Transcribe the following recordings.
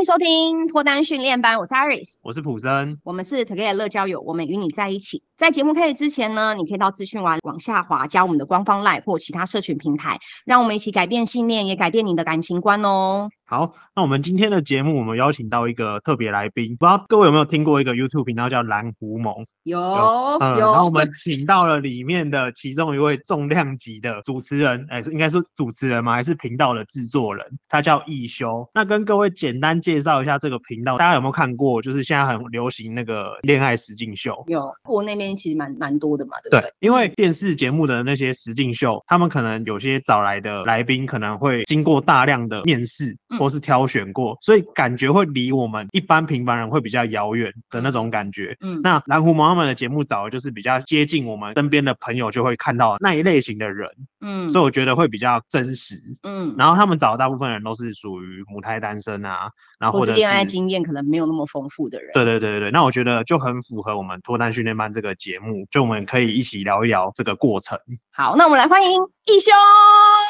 歡迎收聽脫單訓練班，我是 IRIS，我是普森，我們是 Together 樂交友，我們與你在一起。在節目開始之前呢，你可以到資訊完往下滑，加我們的官方 LINE 或其他社群平台，讓我們一起改變信念，也改變你的感情觀哦。好，那我們今天的節目，我們邀請到一個特別來賓，不知道各位有沒有聽過一個 YouTube 頻道叫藍狐獴？有，有。然後，啊、我們請到了裡面的其中一位重量級的主持人，哎，欸，應該是主持人嗎？還是頻道的製作人？他叫易修。那跟各位簡單介紹一下這個頻道，大家有沒有看過？就是現在很流行那個戀愛實境秀，有，我那邊。其實蠻蠻多的嘛，對不對，對？因為電視節目的那些實境秀，他們可能有些找來的來賓，可能會經過大量的面試、嗯、或是挑選過，所以感覺會離我們一般平凡人會比較遙遠的那種感覺。嗯，那藍狐獴他們的節目找的就是比較接近我們身邊的朋友，就會看到那一類型的人。嗯，所以我覺得會比較真實。嗯，然後他們找的大部分人都是屬於母胎單身啊，然後或者戀愛經驗可能沒有那麼豐富的人。對對對對，那我覺得就很符合我們脫單訓練班這個節目，就我們可以一起聊一聊這個過程。好，那我們來歡迎亦修。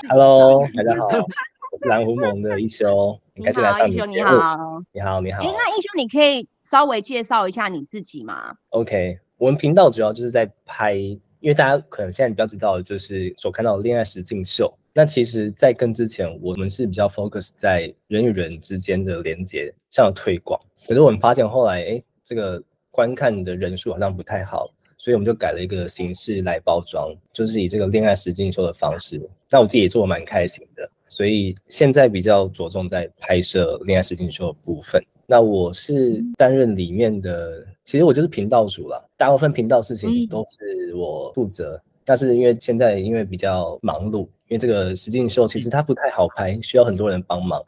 Hello， 大家好， 我是藍狐獴的亦修，很 開心來上你節目，你好，你好，你好。欸，那亦修，你可以稍微介紹一下你自己嗎？OK，我們頻道主要就是在拍。因為大家可能現在比較知道的，就是所看到的戀愛實境秀。那其實，在更之前，我們是比較 focus 在人與人之間的連結，像有推廣。可是我們發現後來，哎、欸，這個觀看的人數好像不太好，所以我們就改了一個形式來包裝，就是以這個戀愛實境秀的方式。那我自己也做蠻開心的，所以現在比較着重在拍攝戀愛實境秀的部分。那我是擔任裡面的。其實我就是頻道主了，大部分頻道事情都是我負責。嗯。但是因為現在因為比較忙碌，因為這個實境秀其實它不太好拍，需要很多人幫忙，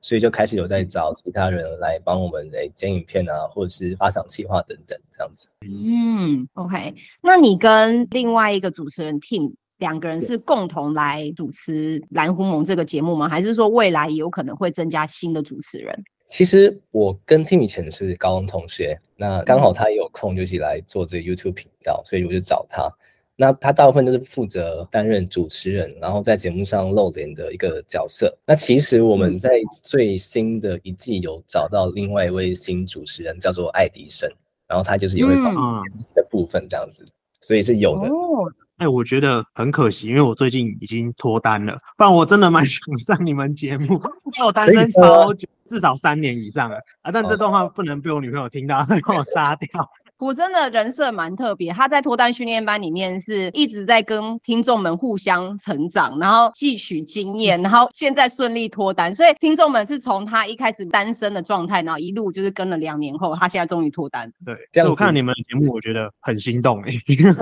所以就開始有在找其他人來幫我們來剪影片啊，或者是發想企劃等等這樣子。嗯，OK，那你跟另外一個主持人 Tim 兩個人是共同來主持《藍狐獴》這個節目嗎？還是說未來有可能會增加新的主持人？其實我跟 Tim 以前是高中同學，那剛好他也有空，就是來做這個 YouTube 頻道，所以我就找他。那他大部分都是負責擔任主持人，然後在節目上露臉的一個角色。那其實我們在最新的一季有找到另外一位新主持人，叫做愛迪生，然後他就是也會搞主持的部分這樣子，所以是有的。哎、嗯哦欸，我覺得很可惜，因為我最近已經脫單了，不然我真的蠻想上你們節目。我 單身超久。至少三年以上了，啊，但這段話不能被我女朋友聽到，把、嗯、我殺掉。 我真的人設蠻特別，他在脫單訓練班裡面是一直在跟聽眾們互相成長，然後汲取經驗，然後現在順利脫單。所以聽眾們是從他一開始單身的狀態，然後一路就是跟了兩年後，他現在終於脫單。對，但是我看你們節目，我覺得很心動、欸、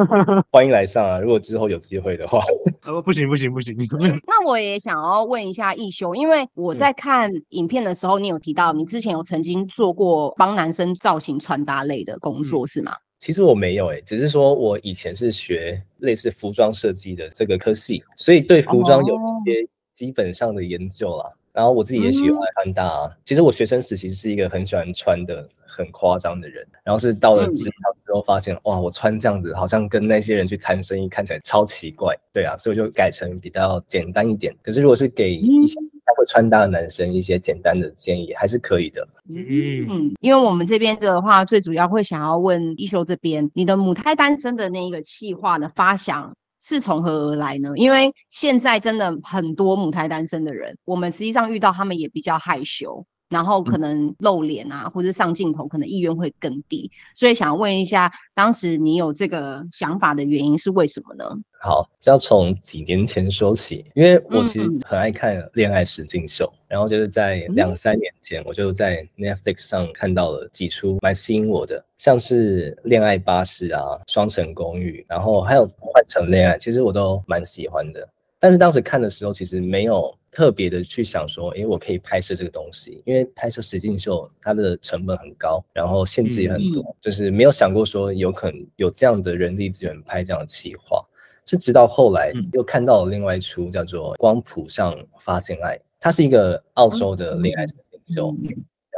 歡迎來上啊！如果之後有機會的話，呃、 哦，不行不行不行，不行，那我也想要問一下亦修，因為我在看影片的時候，嗯、你有提到你之前有曾經做過幫男生造型穿搭類的工作。嗯是嗎？其實我沒有誒、欸，只是說我以前是學類似服裝設計的這個科系，所以對服裝有一些基本上的研究啦。Oh. 然後我自己也喜歡穿搭，啊嗯，其實我學生時期是一個很喜歡穿的很誇張的人。然後是到了職場之後，發現、嗯、哇，我穿這樣子好像跟那些人去談生意看起來超奇怪，對啊，所以我就改成比較簡單一點。可是如果是給一些、嗯、不太會穿搭的男生一些簡單的建議，還是可以的。嗯，因為我們這邊的話，最主要會想要問亦修這邊，你的母胎單身的那一個企劃的發想是從何而來呢？因為現在真的很多母胎單身的人，我們實際上遇到他們也比較害羞。然後可能露臉啊，嗯、或者上鏡頭，可能意願會更低。所以想問一下，當時你有這個想法的原因是為什麼呢？好，這要從幾年前說起，因為我其實很愛看戀愛實境秀、嗯。然後就是在兩三年前，我就在 Netflix 上看到了幾齣蠻吸引我的，像是《戀愛巴士》啊，《雙層公寓》，然後還有《換乘戀愛》，其實我都蠻喜歡的。但是當時看的時候，其實沒有特別的去想說，誒、欸、我可以拍攝這個東西，因為拍攝實境秀它的成本很高，然後限制也很多、嗯，就是沒有想過說有可能有這樣的人力資源拍這樣的企劃。是直到後來又看到了另外一出叫做《光譜上發現愛》，它是一個澳洲的戀愛實境秀。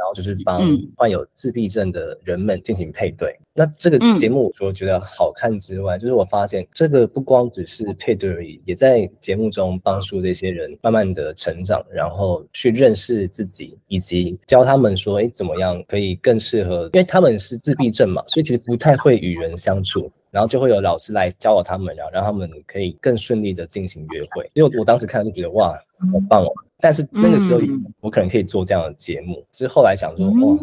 然後就是幫患有自閉症的人們進行配對。嗯、那這個節目，我說覺得好看之外，就是我發現這個不光只是配對而已，也在節目中幫助這些人慢慢的成長，然後去認識自己，以及教他們說，哎，怎麼樣可以更適合？因為他們是自閉症嘛，所以其實不太會與人相處。然後就會有老師來教導他們，然後讓他們可以更順利的進行約會。因為我當時看就覺得，哇，好棒哦！但是那個時候，我可能可以做這樣的節目、嗯。之後來想說，哇，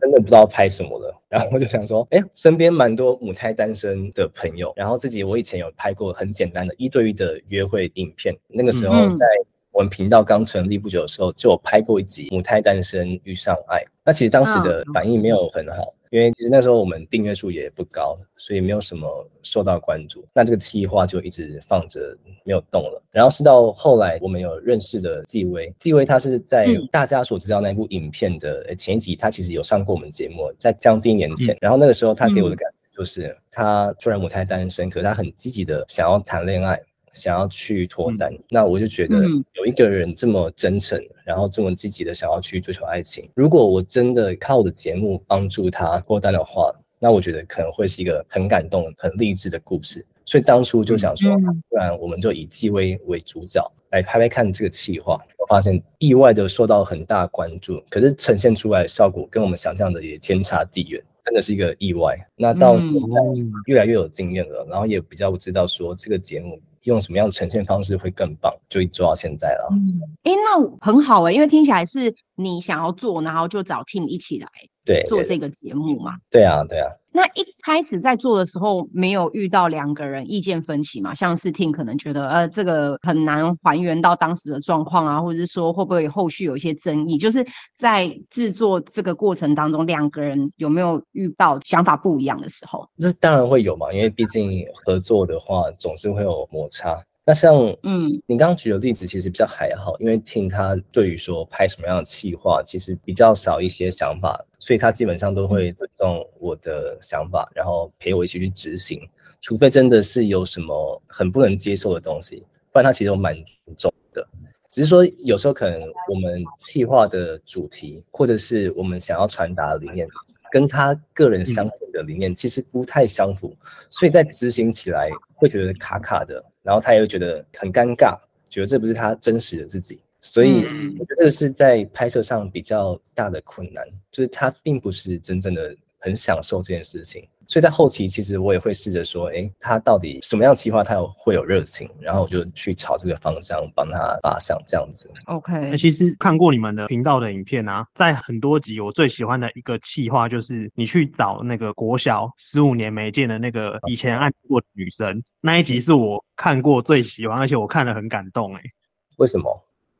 真的不知道拍什麼了。然後我就想說，哎、欸，身邊蠻多母胎單身的朋友，然後自己我以前有拍過很簡單的一對一的約會影片。那個時候在我們頻道剛成立不久的時候，就有拍過一集《母胎單身遇上愛》。那其實當時的反應沒有很好。因為其實那時候我們訂閱數也不高，所以沒有什麼受到關注。那這個企劃就一直放着沒有動了。然後是到後來我們有認識了紀薇，紀薇她是在大家所知道那部影片的前一集，她、嗯、其實有上過我們節目，在將近一年前、嗯。然後那個時候她給我的感覺就是，她雖然母胎單身，可是她很積極的想要談戀愛。想要去脫單、嗯，那我就覺得有一個人這麼真誠，嗯、然後這麼積極的想要去追求愛情。如果我真的靠我的節目幫助他脫單的話，那我覺得可能會是一個很感動、很勵志的故事。所以當初就想說，不、嗯啊、然我們就以紀微為主角來拍拍看這個企劃。我發現意外的受到很大關注，可是呈現出來的效果跟我們想象的也天差地遠，真的是一個意外。那到現在、嗯、越來越有經驗了，然後也比較不知道說這個節目。用什麼樣的呈現方式會更棒？就做到現在了。誒、嗯欸，那很好誒、欸，因為聽起來是你想要做，然後就找 Tim 一起來做這個節目嘛，對對對。對啊，對啊。那一開始在做的時候，沒有遇到兩個人意見分歧嘛？像是聽可能覺得，呃，這個很難還原到當時的狀況啊，或者是說會不會後續有一些爭議？就是在制作這個過程當中，兩個人有沒有遇到想法不一樣的時候？這當然會有嘛，因為畢竟合作的話，總是會有摩擦。那像，嗯，你剛剛舉的例子其實比較還好，嗯、因為聽他對於說拍什麼樣的企劃，其實比較少一些想法，所以他基本上都會尊重我的想法，嗯，然後陪我一起去執行，除非真的是有什麼很不能接受的東西，不然他其實蠻重的。只是說有時候可能我們企劃的主題或者是我們想要傳達的理念，跟他個人相信的理念其實不太相符，嗯、所以在執行起來會覺得卡卡的。然後他又覺得很尷尬，覺得這不是他真實的自己，所以我覺得這是在拍攝上比較大的困難，就是他並不是真正的很享受這件事情。所以在後期，其實我也會試着說，誒、欸，他到底什麼樣的企劃他有會有熱情，然後我就去朝這個方向幫他發想這樣子。OK，那其實看過你們的頻道的影片啊，在很多集，我最喜歡的一個企劃就是你去找那個國小十五年沒見的那個以前暗戀過的女生那一集，是我看過最喜歡，而且我看了很感動誒、欸，為什麼？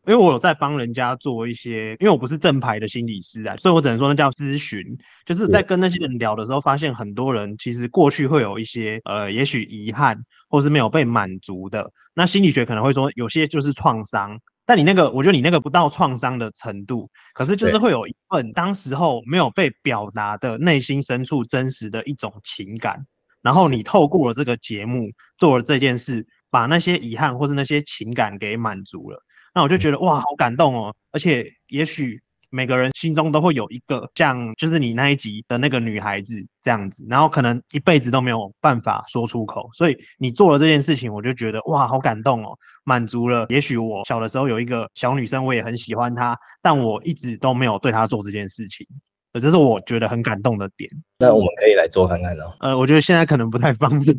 因為我有在幫人家做一些，因為我不是正牌的心理師啊，所以我只能說那叫諮詢。就是在跟那些人聊的時候，發現很多人其實過去會有一些，呃，也許遺憾，或是沒有被滿足的。那心理學可能會說有些就是創傷，但你那個，我覺得你那個不到創傷的程度，可是就是會有一份當時候沒有被表達的內心深處真實的一種情感，然後你透過了這個節目，做了這件事，把那些遺憾或是那些情感給滿足了。那我就覺得哇，好感動哦！而且也許每個人心中都會有一個這樣，就是你那一集的那個女孩子這樣子，然後可能一輩子都沒有辦法說出口。所以你做了這件事情，我就覺得哇，好感動哦，滿足了。也許我小的時候有一個小女生，我也很喜歡她，但我一直都沒有對她做這件事情。呃，這是我覺得很感動的點。那我們可以來做看看囉。呃，我覺得現在可能不太方便，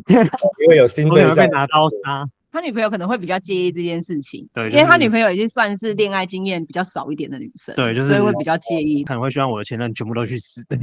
因為有新會友。會被拿刀殺？他女朋友可能會比較介意這件事情，對，就是、因為他女朋友已經算是戀愛經驗比較少一點的女生，對，就是、所以會比較介意，可能會希望我的前任全部都去死，這麼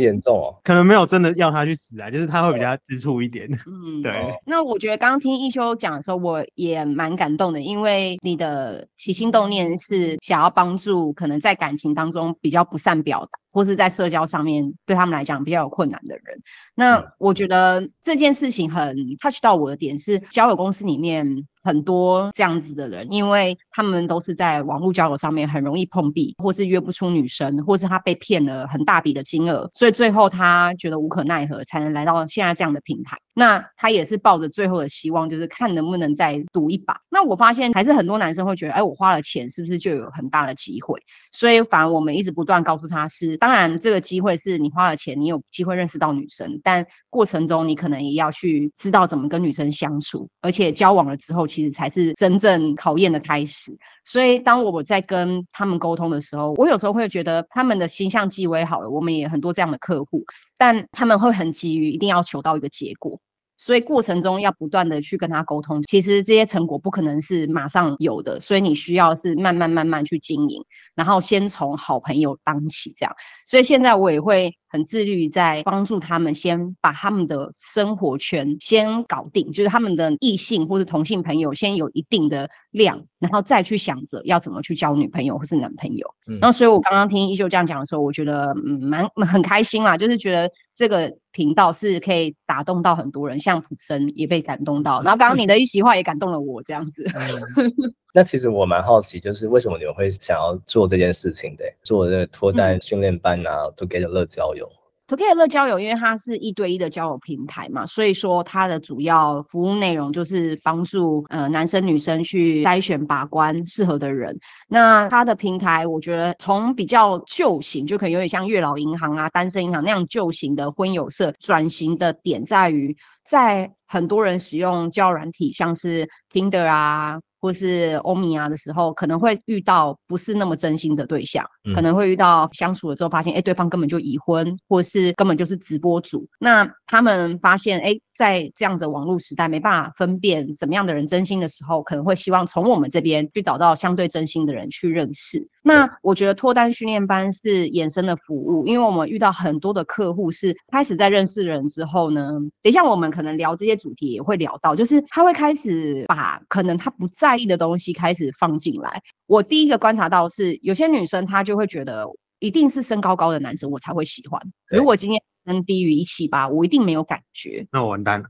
嚴重哦？哦哦哦哦哦哦哦。 可能沒有真的要他去死啊，就是他會比較知錯一點。嗯，對、哦。那我覺得剛剛聽亦修講的時候，我也蠻感動的，因為你的起心動念是想要幫助，可能在感情當中比較不善表達。或是在社交上面對他們來講比較有困難的人，那我覺得這件事情很 touch 到我的點，是交友公司裡面，很多這樣子的人，因為他們都是在網絡交友上面很容易碰壁，或是約不出女生，或是他被騙了很大筆的金額，所以最後他覺得無可奈何，才能來到現在這樣的平台。那他也是抱着最後的希望，就是看能不能再賭一把。那我發現還是很多男生會覺得，哎、欸，我花了錢是不是就有很大的機會？所以，反而我們一直不斷告訴他是，當然這個機會是你花了錢，你有機會認識到女生，但過程中你可能也要去知道怎麼跟女生相處，而且交往了之後。其實才是真正考驗的開始，所以當我在跟他們溝通的時候，我有時候會覺得他們的形象極為好了，我們也很多這樣的客戶，但他們會很急於一定要求到一個結果，所以過程中要不斷的去跟他溝通，其實這些成果不可能是馬上有的，所以你需要是慢慢慢慢去經營，然後先從好朋友當起這樣，所以現在我也會。很自律，在幫助他們先把他們的生活圈先搞定，就是他們的異性或者同性朋友先有一定的量，然後再去想着要怎麼去交女朋友或是男朋友。然、嗯、後，那所以我剛剛聽亦修這樣講的時候，我覺得蠻、嗯、很開心啦，就是覺得這個頻道是可以打動到很多人，像普森也被感動到，然後剛剛你的一席話也感動了我，這樣子。嗯 那其實我蠻好奇，就是為什麼你們會想要做這件事情的，做這個脫單訓練班啊，Together 樂交友。Together 樂交友，因為它是一對一的交友平台嘛，所以說它的主要服務內容就是幫助呃男生女生去篩選把關適合的人。那它的平台，我覺得從比較舊型就可以有點像月老銀行啊、單身銀行那樣舊型的婚友社，轉型的點在於。在很多人使用交友軟體，像是 Tinder 啊，或是歐米啊的時候，可能會遇到不是那麼真心的對象，嗯、可能會遇到相處了之後發現，哎、欸，對方根本就已婚，或是根本就是直播主。那他們發現，哎、欸。在這樣的網絡時代，沒辦法分辨怎麼樣的人真心的時候，可能會希望從我們這邊去找到相對真心的人去認識。那我覺得脫單訓練班是衍生的服務，因為我們遇到很多的客戶是開始在認識的人之後呢，等一下我們可能聊這些主題也會聊到，就是他會開始把可能他不在意的東西開始放進來。我第一個觀察到是有些女生她就會覺得一定是身高高的男生，我才會喜歡。如果今天。能低於一七八，我一定沒有感覺。那我完蛋了，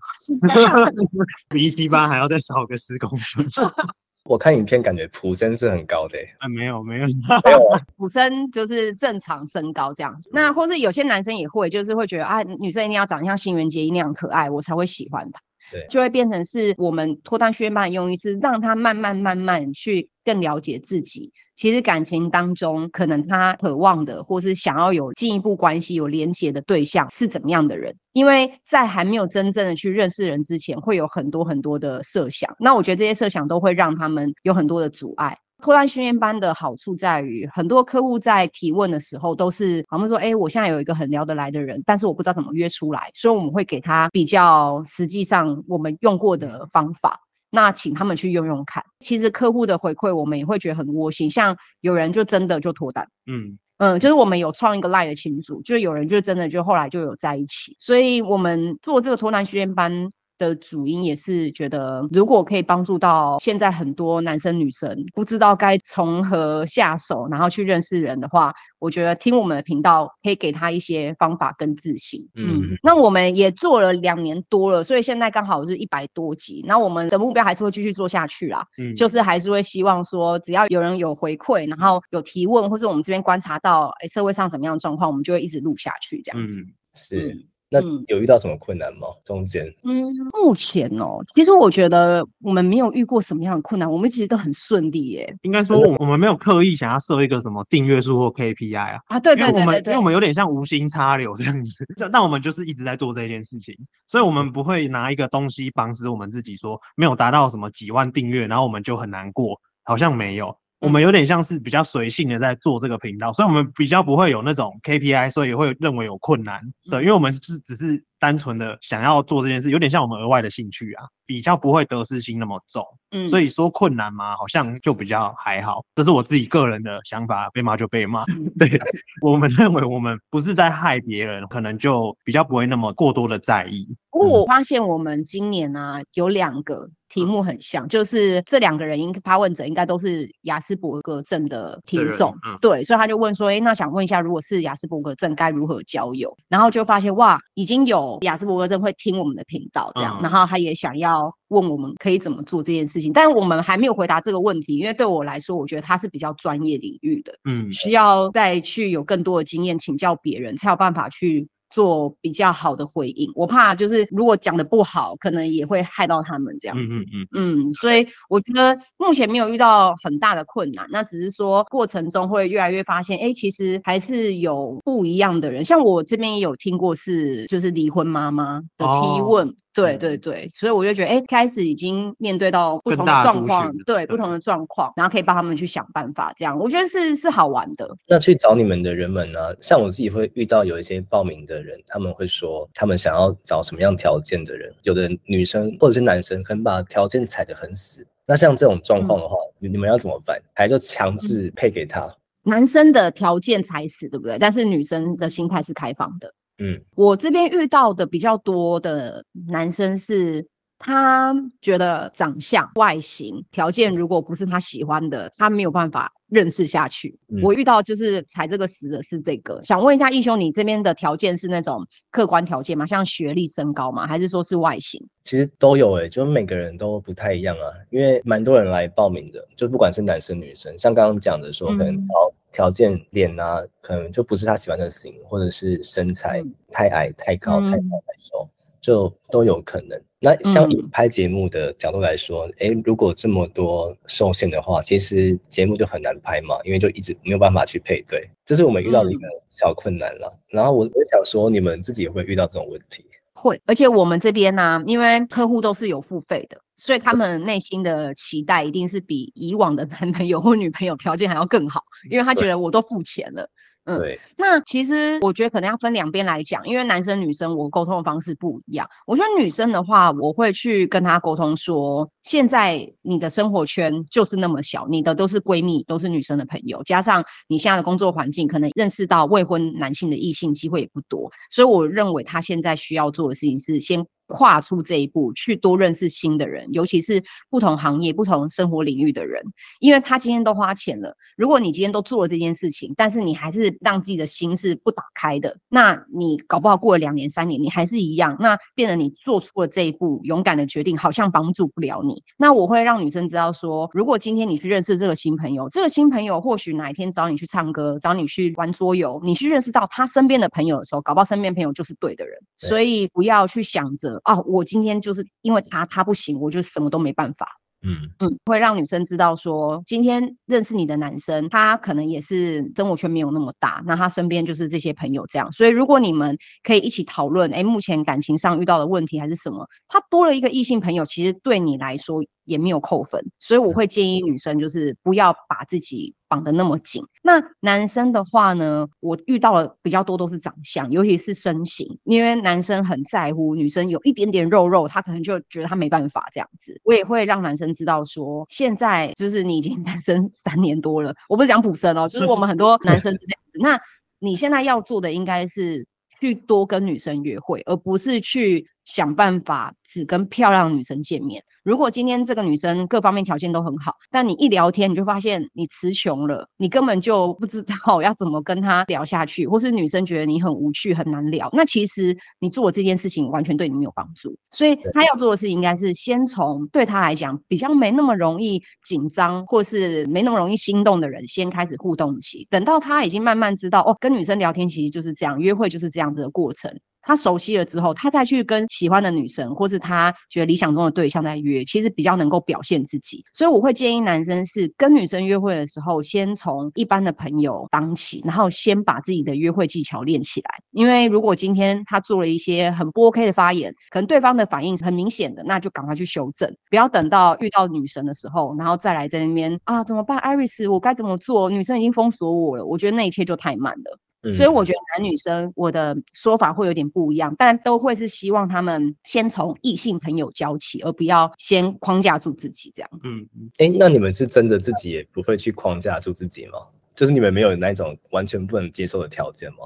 比一七八還要再少個十公分。 我看影片感覺普森是很高的、欸。啊，沒有沒有， 沒有、啊，普森就是正常身高這樣子。那或者有些男生也會，就是會覺得啊，女生一定要長得像新垣結衣一樣可愛，我才會喜歡他。對，就會變成是我們脫單訓練班的用意是讓他慢慢慢慢去更了解自己，其實感情當中，可能他渴望的，或是想要有進一步關係、有連結的對象是怎麼樣的人？因為在還沒有真正的去認識人之前，會有很多很多的設想。那我覺得這些設想都會讓他們有很多的阻礙。脫單訓練班的好處在於，很多客戶在提問的時候，都是他們說：“哎，我現在有一個很聊得來的人，但是我不知道怎麼約出來。”所以我們會給他比較實際上我們用過的方法。那請他們去用用看。其實客戶的回饋，我們也會覺得很窩心。像有人就真的就脫單，嗯嗯，就是我們有創一個賴的群組，就是有人就真的就後來就有在一起。所以我們做這個脫單訓練班。的主因也是覺得，如果可以幫助到現在很多男生女生不知道該從何下手，然後去認識人的話，我覺得聽我們的頻道可以給他一些方法跟自信嗯。嗯,那我們也做了兩年多了,所以現在剛好是一百多集。那我們的目標還是會繼續做下去啦,嗯、就是還是會希望說,只要有人有回饋,然後有提問,或是我們這邊觀察到誒社會上怎麼樣的狀況,我們就會一直錄下去這樣子。嗯、是。嗯那有遇到什麼困難嗎？嗯、中間，嗯，目前哦、喔，其實我覺得我們沒有遇過什麼樣的困難，我們其實都很順利耶。應該說，我們沒有刻意想要設一個什麼訂閱數或 KPI 啊，啊，對對對對，因為我們因為我們有點像無心插柳這樣子，那我們就是一直在做這件事情，所以我們不會拿一個東西防止我們自己，說沒有達到什麼幾萬訂閱，然後我們就很難過，好像沒有。我們有點像是比較隨性的在做這個頻道，所以我們比較不會有那種 KPI，所以也會認為有困難、嗯。對，因為我們是只是單純的想要做這件事，有點像我們額外的興趣啊，比較不會得失心那麼重。嗯，所以說困難嘛，好像就比較還好。這是我自己個人的想法，被罵就被罵、嗯。對，我們認為我們不是在害別人，可能就比較不會那麼過多的在意。嗯、不過我發現我們今年呢、啊、有兩個。題目很像，啊、就是這兩個人應該發問者應該都是亞斯伯格症的聽眾、嗯，對，所以他就問說：“誒、欸、那想問一下，如果是亞斯伯格症，該如何交友？”然後就發現哇，已經有亞斯伯格症會聽我們的頻道這樣、嗯，然後他也想要問我們可以怎麼做這件事情，但是我們還沒有回答這個問題，因為對我來說，我覺得他是比較專業領域的，嗯，需要再去有更多的經驗請教別人才有辦法去。做比較好的回應，我怕就是如果講得不好，可能也會害到他們這樣子。嗯，哼哼。嗯，所以我覺得目前沒有遇到很大的困難，那只是說過程中會越來越發現，哎、欸，其實還是有不一樣的人。像我這邊也有聽過是，就是離婚媽媽的提問。哦。對對對、嗯，所以我就覺得，哎、欸，開始已經面對到不同的狀況，對，對不同的狀況，然後可以幫他們去想辦法，這樣我覺得是是好玩的。那去找你們的人們呢、啊？像我自己會遇到有一些報名的人，他們會說他們想要找什麼樣條件的人，有的女生或者是男生可能把條件踩得很死。那像這種狀況的話、嗯，你們要怎麼辦？還就強制配給他？男生的條件踩死，對不對？但是女生的心態是開放的。嗯，我這邊遇到的比較多的男生是，他覺得長相、外形條件，如果不是他喜歡的、嗯，他沒有辦法認識下去。我遇到就是踩這個死的是這個。想問一下亦修，你這邊的條件是那種客觀條件嗎？像學歷、身高嘛，還是說是外形？其實都有誒、欸，就每個人都不太一樣啊，因為蠻多人來報名的，就不管是男生女生，像剛剛講的說可能條件臉啊，可能就不是他喜歡的型，或者是身材太矮、太高、太高、太、嗯、瘦，就都有可能。那像你拍節目的角度來說，哎、嗯，如果這麼多受限的話，其實節目就很難拍嘛，因為就一直沒有辦法去配對，這是我們遇到的一個小困難了、嗯。然後我我想說，你們自己也會遇到這種問題？會，而且我們這邊呢、啊，因為客戶都是有付費的。所以他們內心的期待一定是比以往的男朋友或女朋友條件還要更好，因為他覺得我都付錢了。嗯，對。那其實我覺得可能要分兩邊來講，因為男生女生我溝通的方式不一樣。我覺得女生的話，我會去跟他溝通說，現在你的生活圈就是那麼小，你的都是閨蜜，都是女生的朋友，加上你現在的工作環境，可能認識到未婚男性的異性機會也不多。所以我認為他現在需要做的事情是先。跨出這一步，去多認識新的人，尤其是不同行業、不同生活領域的人。因為他今天都花錢了。如果你今天都做了這件事情，但是你還是讓自己的心是不打開的，那你搞不好過了兩年、三年，你還是一樣。那變得你做出了這一步，勇敢的決定，好像幫助不了你。那我會讓女生知道說，如果今天你去認識這個新朋友，這個新朋友或許哪一天找你去唱歌，找你去玩桌遊，你去認識到他身邊的朋友的時候，搞不好身邊朋友就是對的人。所以不要去想着。哦，我今天就是因為他、他不行，我就什麼都沒辦法。嗯嗯，會讓女生知道說，今天認識你的男生，他可能也是生活圈沒有那麼大，那他身邊就是這些朋友這樣。所以，如果你們可以一起討論，哎、欸，目前感情上遇到的問題還是什麼，他多了一個異性朋友，其實對你來說。也沒有扣分，所以我會建議女生就是不要把自己綁得那麼緊。那男生的話呢，我遇到的比較多都是長相，尤其是身形，因為男生很在乎女生有一點點肉肉，他可能就覺得他沒辦法這樣子。我也會讓男生知道說，現在就是你已經單身三年多了，我不是講普森哦，就是我們很多男生是這樣子。 那你現在要做的應該是去多跟女生約會，而不是去想辦法只跟漂亮女生見面。如果今天這個女生各方面條件都很好，但你一聊天你就發現你詞窮了，你根本就不知道要怎麼跟她聊下去，或是女生覺得你很無趣，很難聊，那其實你做這件事情完全對你沒有幫助。所以她要做的事情應該是先從對她來講比較沒那麼容易緊張，或是沒那麼容易心動的人先開始互動起，等到他已經慢慢知道哦，跟女生聊天其實就是這樣，約會就是這樣子的過程。他熟悉了之後，他再去跟喜歡的女生，或是他覺得理想中的對象在約，其實比較能夠表現自己。所以我會建議男生是跟女生約會的時候，先從一般的朋友當起，然後先把自己的約會技巧練起來。因為如果今天他做了一些很不 OK 的發言，可能對方的反應是很明顯的，那就趕快去修正，不要等到遇到女神的時候，然後再來在那邊啊怎麼辦？艾瑞斯，我該怎麼做？女生已經封鎖我了，我覺得那一切就太慢了。嗯，所以我覺得男女生我的說法會有點不一樣，但都會是希望他們先從異性朋友交起，而不要先框架住自己這樣子。嗯，誒，欸，那你們是真的自己也不會去框架住自己嗎？就是你們沒有那一種完全不能接受的條件嗎？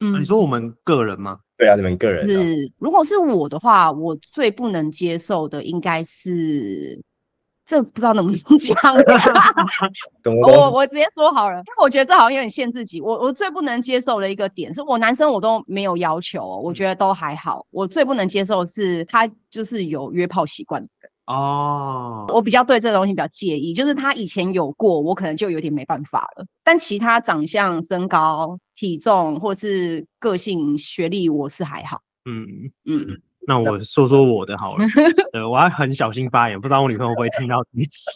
嗯，你說我們個人嗎？對啊，你們個人啊。是，如果是我的話，我最不能接受的應該是。 這不知道能不能講，我我直接說好了，因為我覺得這好像有點限制自己。我我最不能接受的一個點，是我男生我都沒有要求哦，我覺得都還好。我最不能接受的是他就是有約炮習慣的人哦，我比較對這東西比較介意，就是他以前有過，我可能就有點沒辦法了。但其他長相、身高、體重，或是個性、學歷，我是還好。嗯嗯。那我說說我的好了，對，對對對對，我還很小心發言， 不知道我女朋友會不會聽到你起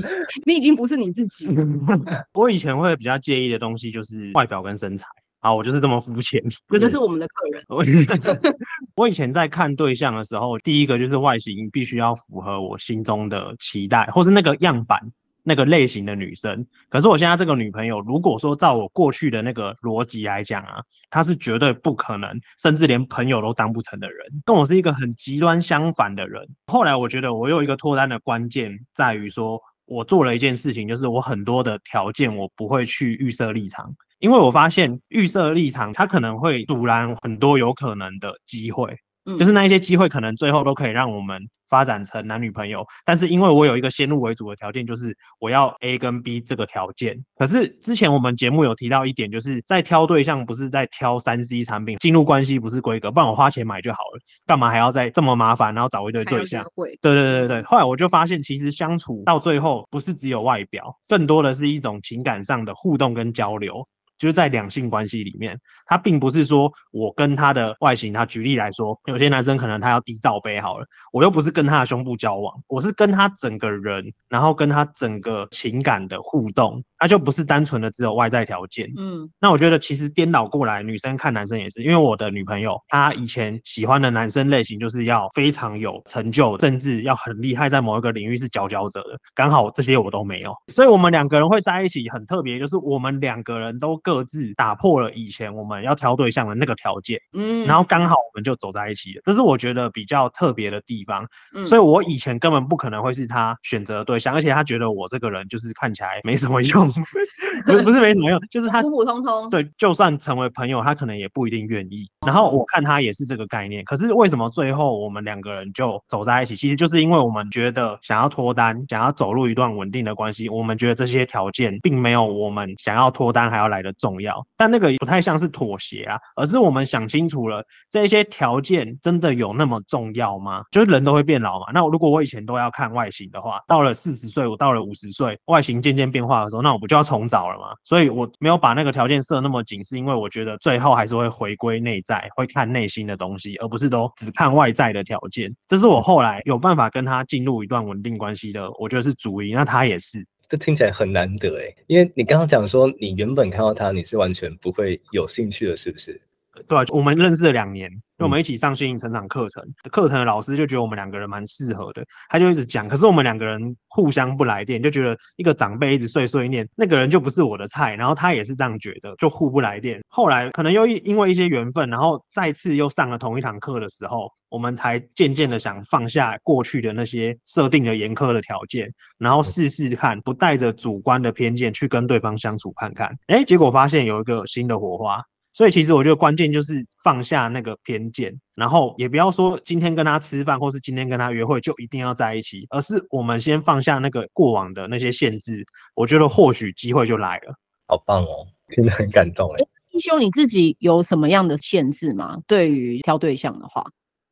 你已經不是你自己了。 我以前會比較介意的東西就是外表跟身材啊，我就是這麼膚淺，就是。這就是我們的客人。 我以前在看對象的時候，第一個就是外形必須要符合我心中的期待，或是那個樣板。那個類型的女生，可是我現在這個女朋友，如果說照我過去的那個邏輯來講啊，她是絕對不可能，甚至連朋友都當不成的人，跟我是一個很極端相反的人。後來我覺得我有一個脫單的關鍵，在於說我做了一件事情，就是我很多的條件我不會去預設立場，因為我發現預設立場它可能會阻攔很多有可能的機會。就是那一些機會，可能最後都可以讓我們發展成男女朋友，但是因為我有一個先入為主的條件，就是我要 A 跟 B 這個條件。可是之前我們節目有提到一點，就是在挑對象不是在挑 3C 產品，進入關係不是規格，不然我花錢買就好了，幹嘛還要再這麼麻煩，然後找一堆對象？對對對對對。後來我就發現，其實相處到最後不是只有外表，更多的是一種情感上的互動跟交流。就在兩性關係裡面，他並不是說我跟他的外形，他舉例來說，有些男生可能他要低罩杯好了，我又不是跟他的胸部交往，我是跟他整個人，然後跟他整個情感的互動。他就不是單純的只有外在條件，嗯，那我覺得其實顛倒過來，女生看男生也是，因為我的女朋友她以前喜歡的男生類型就是要非常有成就，甚至要很厲害，在某一個領域是佼佼者的，剛好這些我都沒有，所以我們兩個人會在一起很特別，就是我們兩個人都各自打破了以前我們要挑對象的那個條件，嗯，然後剛好我們就走在一起了，這，就是我覺得比較特別的地方，所以我以前根本不可能會是他選擇的對象，嗯，而且他覺得我這個人就是看起來沒什麼用。 不是沒什麼用，就是他普普通通。對，就算成為朋友，他可能也不一定願意。然後我看他也是這個概念。可是為什麼最後我們兩個人就走在一起？其實就是因為我們覺得想要脫單，想要走入一段穩定的關係，我們覺得這些條件並沒有我們想要脫單還要來的重要。但那個也不太像是妥協啊，而是我們想清楚了，這些條件真的有那麼重要嗎？就是人都會變老嘛。那如果我以前都要看外形的話，到了四十歲，我到了五十歲，外形漸漸變化的時候，那。我不就要重找了嗎？所以我沒有把那個條件設那麼緊，是因為我覺得最後還是會回歸內在，會看內心的東西，而不是都只看外在的條件。這是我後來有辦法跟他進入一段穩定關係的，我覺得是主因。那他也是。這聽起來很難得誒、欸，因為你剛剛講說，你原本看到他，你是完全不會有興趣的，是不是？對啊，我們認識了兩年，嗯，因為我們一起上心靈成長課程，課程的老師就覺得我們兩個人蠻適合的，他就一直講。可是我們兩個人互相不來電，就覺得一個長輩一直碎碎念，那個人就不是我的菜。然後他也是這樣覺得，就互不來電。後來可能又因為一些緣分，然後再次又上了同一堂課的時候，我們才漸漸的想放下過去的那些設定的嚴苛的條件，然後試試看，不帶着主觀的偏見去跟對方相處看看。哎，結果發現有一個新的火花。所以其實我覺得關鍵就是放下那個偏見，然後也不要說今天跟他吃飯或是今天跟他約會就一定要在一起，而是我們先放下那個過往的那些限制，我覺得或許機會就來了。好棒哦，真的很感動哎！亦修，你自己有什麼樣的限制嗎？對於挑對象的話？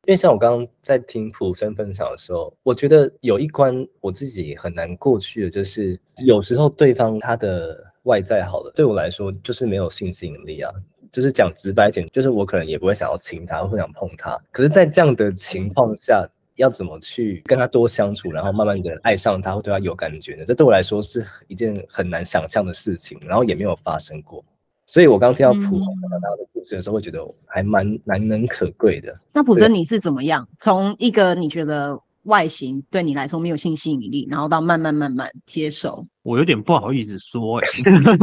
因為像我剛剛在聽普森分享的時候，我覺得有一關我自己很難過去的，就是有時候對方他的外在好了，對我來說就是沒有信心力啊。就是講直白點，就是我可能也不會想要親他，或想碰他。可是，在這樣的情況下，嗯，要怎麼去跟他多相處，然後慢慢的愛上他，或對他有感覺呢？這對我來說是一件很難想象的事情，然後也沒有發生過。所以我剛聽到普森講到的故事的時候，會，嗯，覺得還蠻難能可貴的。那普森，你是怎麼樣，從一個你覺得？外形對你來說沒有性吸引力，然後到慢慢慢慢接受，我有點不好意思說，欸，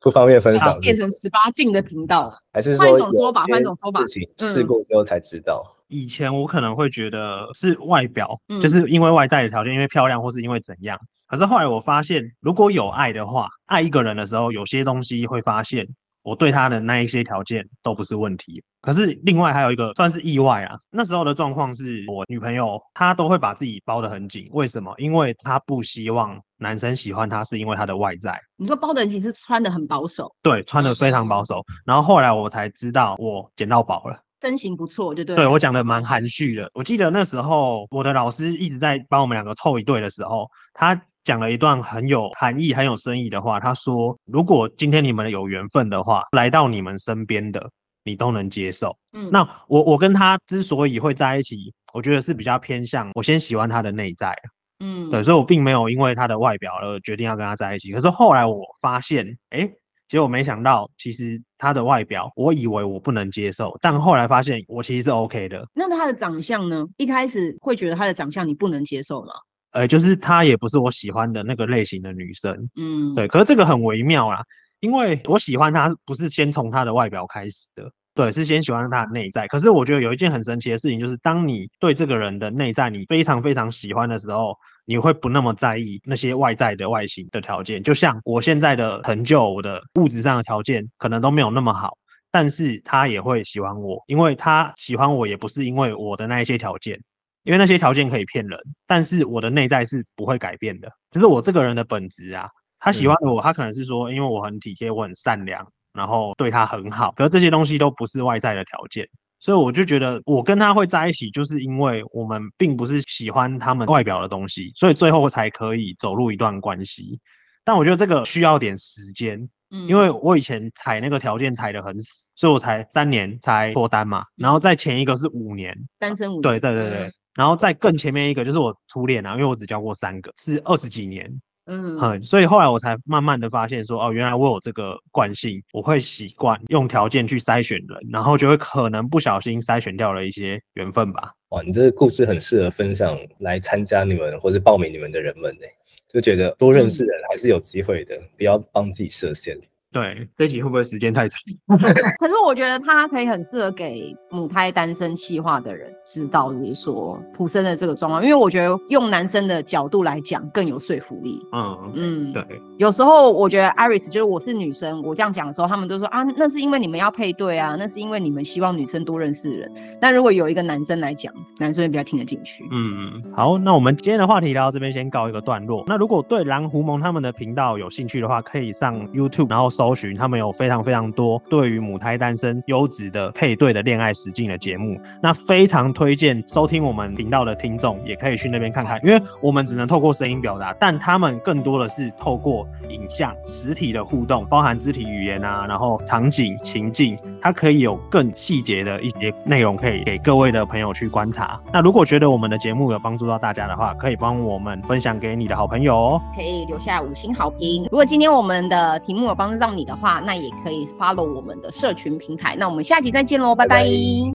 不方便分享，變成十八禁的頻道，還是換一種說法，換一種說法。試過之後才知道，以前我可能會覺得是外表，嗯，就是因為外在的條件，因為漂亮，或是因為怎樣，可是後來我發現，如果有愛的話，愛一個人的時候，有些東西會發現，我對他的那一些條件都不是問題。可是另外還有一個算是意外啊。那時候的狀況是我女朋友她都會把自己包得很緊，為什麼？因為她不希望男生喜歡她是因為她的外在。你說包得很緊是穿得很保守，對，穿得非常保守。然後後來我才知道我撿到寶了，身形不錯，對對。對我講的蠻含蓄的。我記得那時候我的老師一直在幫我們兩個湊一對的時候，他講了一段很有含義、很有深意的話。他說：“如果今天你們有緣分的話，來到你們身邊的。”你都能接受，嗯，那我我跟他之所以會在一起，我覺得是比較偏向我先喜歡他的內在，嗯，對，所以我並沒有因為他的外表而決定要跟他在一起。可是後來我發現，誒、欸，結果沒想到，其實他的外表，我以為我不能接受，但後來發現我其實是 OK 的。那他的長相呢？一開始會覺得他的長相你不能接受嗎？呃、欸，就是他也不是我喜歡的那個類型的女生，嗯，對，可是這個很微妙啦，因為我喜歡他不是先從他的外表開始的。對，是先喜歡他的內在。可是我覺得有一件很神奇的事情，就是當你對這個人的內在你非常非常喜歡的時候，你會不那麼在意那些外在的外形的條件。就像我現在的成就，我的物質上的條件可能都沒有那麼好，但是他也會喜歡我，因為他喜歡我也不是因為我的那一些條件，因為那些條件可以騙人，但是我的內在是不會改變的，就是我這個人的本質啊。他喜歡我，他可能是說因為我很體貼，我很善良。然後對他很好，可是這些東西都不是外在的條件，所以我就覺得我跟他會在一起，就是因為我們並不是喜歡他們外表的東西，所以最後我才可以走入一段關係。但我覺得這個需要點時間，嗯，因為我以前踩那個條件踩得很死，所以我才三年才脫單嘛，嗯。然後在前一個是五年，單身五年，對，對對對對，嗯，然後再更前面一個就是我初戀啊，因為我只交過三個，是二十幾年。嗯,嗯，所以後來我才慢慢地發現說，哦，原來我有這個慣性，我會習慣用條件去篩選人，然後就會可能不小心篩選掉了一些緣分吧。哇，你這個故事很適合分享來參加你們或是報名你們的人們呢，就覺得多認識人還是有機會的，嗯，不要幫自己設限。對，這一集會不會時間太長？ 可是我覺得他可以很適合給母胎單身企劃的人知道，就是說普森的這個狀況，因為我覺得用男生的角度來講更有說服力。嗯嗯，對。有時候我覺得 Iris 就是我是女生，我這樣講的時候，他們都說啊，那是因為你們要配對啊，那是因為你們希望女生多認識人。但如果有一個男生來講，男生也比較聽得進去。嗯嗯，好，那我們今天的話題聊到這邊先告一個段落。那如果對藍狐獴他們的頻道有興趣的話，可以上 YouTube 然後搜。搜尋他們，有非常非常多對於母胎單身優質的配對的戀愛實境的節目，那非常推薦收聽我們頻道的聽眾也可以去那邊看看，因為我們只能透過聲音表達，但他們更多的是透過影像實體的互動，包含肢體語言啊，然後場景情境，它可以有更細節的一些內容可以給各位的朋友去觀察。那如果覺得我們的節目有幫助到大家的話，可以幫我們分享給你的好朋友哦，可以留下五星好評。如果今天我們的題目有幫助到，你的話，那也可以 follow 我們的社群平台。那我們下期再見嘍，拜拜。拜拜